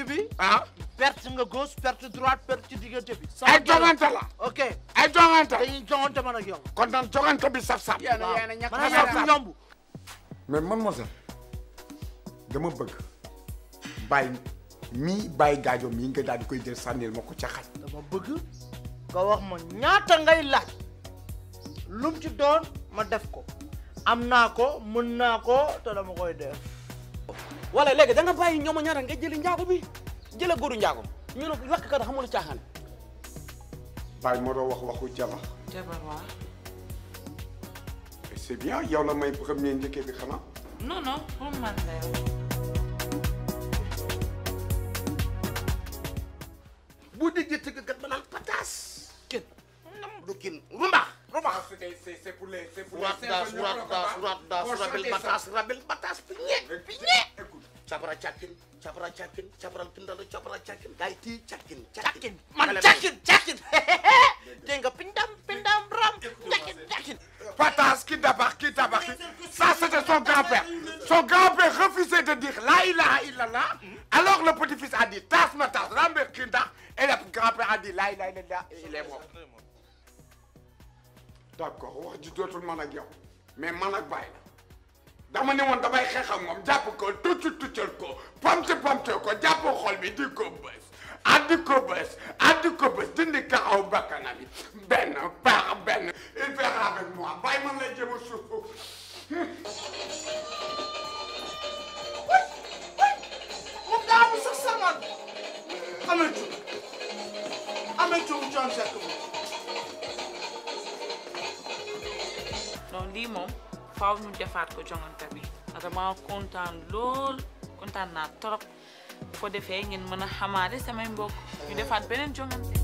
ci bi. ah perte nga gauche perte droite perte ci diggante bi. ay jongante la. ok ay jongante. dañuy jongante man ak yow. bi saf-saf. yéen yomb yomb. mais mademoiselle dama bëgg bàyyi mii bàyyi gaajo mii nga daal di koy jël sànnil ma ko ca xaj. dama bëgg nga wax ma ñaata ngay laaj lum ci doon ma def ko am naa ko mën naa ko te dama koy def. wala léegi da nga bàyyi ñoom a ñaar nga jëli njaago bi jëla góoru njaago ñu ne lakkat xamul caaxaan bàyyi moo doon wax waxu jabar jabar waaw yow la may premier njëkkee bi xanaa non non pour man la boo déggee ba naan pataas. kenn du kin rumbax. rumbax ah, c'est pour les c'est pour capara càkkin capara càkkin capara pindalo capara càkkin gaay tii càkkin càkkin man càkkin càkkin dégg nga pindam pindam ram càkkin càkkin patas qui débarque qui débarque ça c'était son grand-père son grand-père refusait de dire la ilaha illallah alors le petit-fils a dit tas ma tas rambe ki ndax et le grand-père a dit la ilaha illallah et il est mort d'accord wax ji dootul man ak yow mais man ak bàyyi la dama ne woon damay xeex ak moom jàpp ko tuccu tuccal ko pamte pamte ko jàpp xol bi di ko bës addi ko bës addi ko bës dindi kaxaw bakkana bi benn baax benn il fait avec moi bàyyi man lay jëm a suuf moom daa am sax saman amee cu amee cu John Seck moom non lii moom faaw ñu defaat ko jongante bi vraiment kontaan lool kontaan naa trop foo defee ngeen mën a xamaale samay mbokk ñu defaat beneen jongante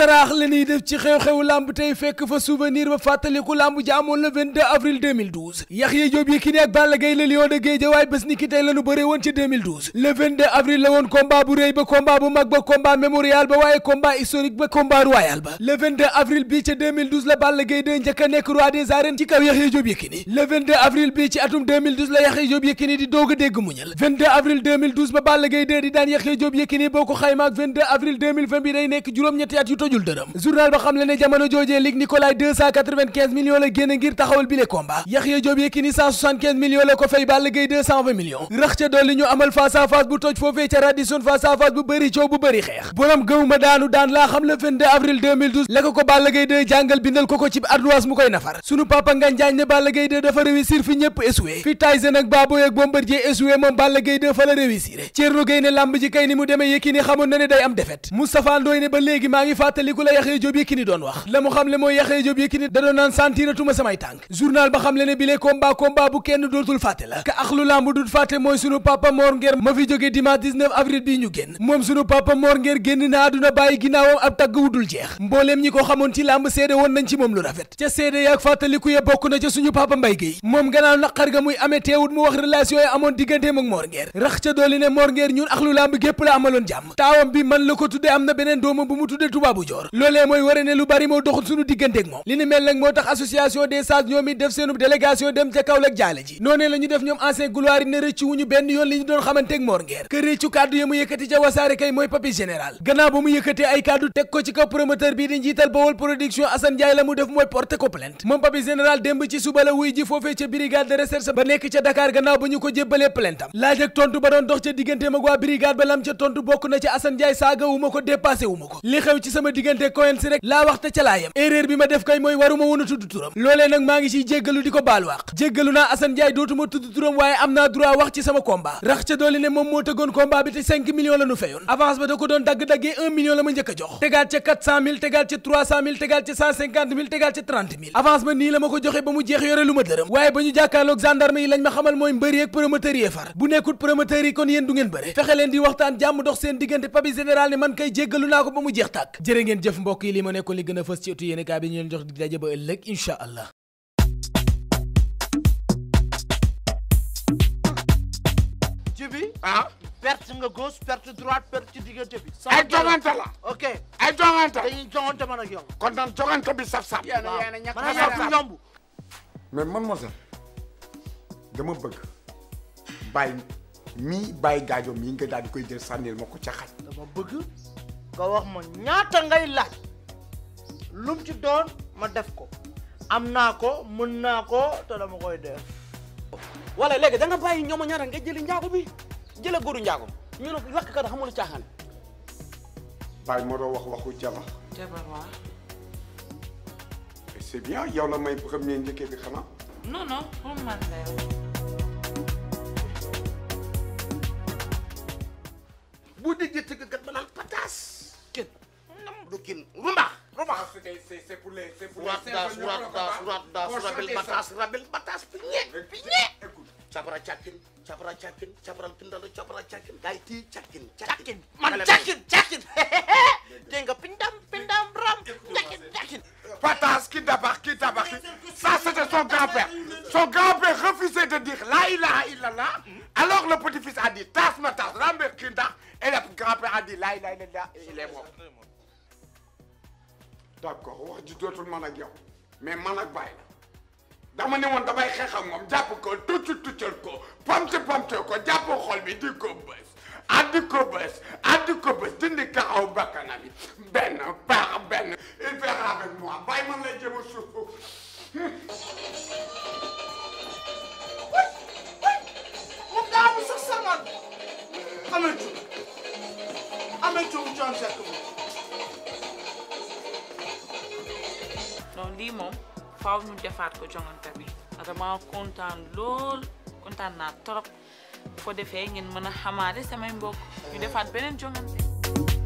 saraax la def ci xew-xewu lamb tey fekk fa souvenir ba fàttaliku lamb ji amoon le 22 avril 2012 Yaxya Jóob Yékini ak Balla Gaye le Lion de Guédiawaye bés tey la ñu bëree ci 2012 le avril la woon combat bu rëy ba combat bu mag ba combat mémorial ba waaye combat historique ba combat royal ba le 22 avril bii ca la Balla Gaye de njëkk nekk roi des arènes ci kaw Yaxya Jóob Yékini le 22 avril bii ci atum la Yaxya Jóob Yékini di dégg muñal ba Balla tojul journal ba xam le ne jamono joojee Luc Nicolaï 295 la génn ngir taxawal bile combat Yaxya Joob Yékini 175 la ko fay Balla Gaye 220 rax ca dolli ñu amal face à bu toj foofee ca Radisson face à bu bëri coow bu bëri xeex borom gëmuma daanu daan laa xam le 22 avril la ko ko Balla Gaye jàngal bindal ko ci adduwaas mu koy nafar sunu papa Ngagne Diagne ne Balla Gaye 2 dafa réussir fi ñëpp échoué fi Tyson ak Baboy ak Bombardier échoué moom fàttaliku la Yaxya Jóob Yékini doon wax la mu xam le mooy Yaxya Jóob Yékini da doon naan sentiratuma samay tànk journal ba xam le ne bi le combat combat bu kenn dootul fàtte la ka axlu lamb dul fàtte mooy sunu papa Mor Ngeer ma fi jóge dimanche 19 avril bi ñu génn moom sunu papa Mor Ngeer génn na àdduna bàyyi ginnaawam ab tàgg wudul jeex mbooleem ñi ko xamoon ci làmb seede woon nañ ci moom lu rafet ca seede yaag fàttaliku ya bokk na ca suñu papa Mbay Géey moom gannaaw naqar ga muy amee teewut mu wax relation yi amoon digganteem ak Mor Ngeer rax ca dooli ne Mor Ngeer ñun axlu lamb gépp la amaloon jàmm taawam bi man la ko tudde am na beneen doomam bu mu tudde tubaabu Dior loolee mooy wara ne lu bari moo doxul suñu digganteeg moom li ni mel nag moo tax association des sages ñoom def seenub délégation dem ca kaw promoteur bii ji foofee ca brigade de recherche ba nekk ca Dakar gannaaw ba ñu ko jébbalee plainte am tontu ba doon dox ca digganteem ak brigade ba lam ca tontu bokk na ci Assane Ndiaye ko dépassé ko li xew ci sama sama laa waxta ca laa yem bi ma def kay mooy waruma woon tudd turam loolee nag maa ngi ciy jéggalu di ko baal wax jéggalu naa Assane Ndiaye dootuma tudd turam waaye am naa droit wax ci sama combat rax ca dooli ne moom moo tëggoon combat bi te 5 millions la nu fayoon avance ba da ko doon dagg-daggee 1 million la ma njëkk jox tegaat ca 400 000 tegaat ca ca 150 000 tegaat ca 30 000 avance ba nii la ma ko joxe ba mu jeex yore lu ma dërëm waaye ba jërë ngeen mbokk yi li ma nekkoon li gën a fës ci ëttu bi ñu leen jox di daje ba ëllëg incha bi ah perte nga gauche perte droite perte ci diggante bi. ay jongante la. ok ay jongante. dañuy jongante man ak yow. kon daan dama bëgg bàyyi mii bàyyi gaajo mii nga daal koy jël sànnil ma ko ca xaj. dama bëgg. nga wax ma ñaata ngay laaj lum ci doon ma def ko am naa ko mën naa ko te dama koy def. wala léegi da nga bàyyi ñoom ñaata nga jëli njaago bi jëlee góoru njaago ñu ne lakkat xamul caaxaan. bàyyi ma doon wax waxu jabar. jabar waaw. c'est bien yow la may premier njëkkee bi xanaa. non non man la Pikine rumbax rumbax ah, c'est pour les c'est pour les rabel batas rabel batas piñe piñe capra cakin capra cakin capral pindalo capra cakin gaay ti cakin cakin man cakin cakin dégg nga pindam pindam ram cakin cakin patas qui débarque qui débarque ça c'était son grand-père son grand-père refusait de dire la ilaha illallah alors le petit-fils a dit tas na tas rambe kinda et le grand-père a dit la ilaha illallah il est mort d'accord wax ji dootul man ak yow mais man ak dama ne woon damay xeex ak moom jàpp ko tucc tuccal ko pamte pamte ko jàpp xol bi di ko bës addi ko ko bës dindi kaxaw bakkana bi benn baax benn il fait avec moi bàyyi man lay jëm a suuf I'm a Jew. I'm a Jew, John Jacob. lii moom faaw ñu defaat ko jongante bi vraiment kontaan lool kontaan naa trop bu ko defee ngeen mën a xamaale samay mbokk ñu defaat beneen jongante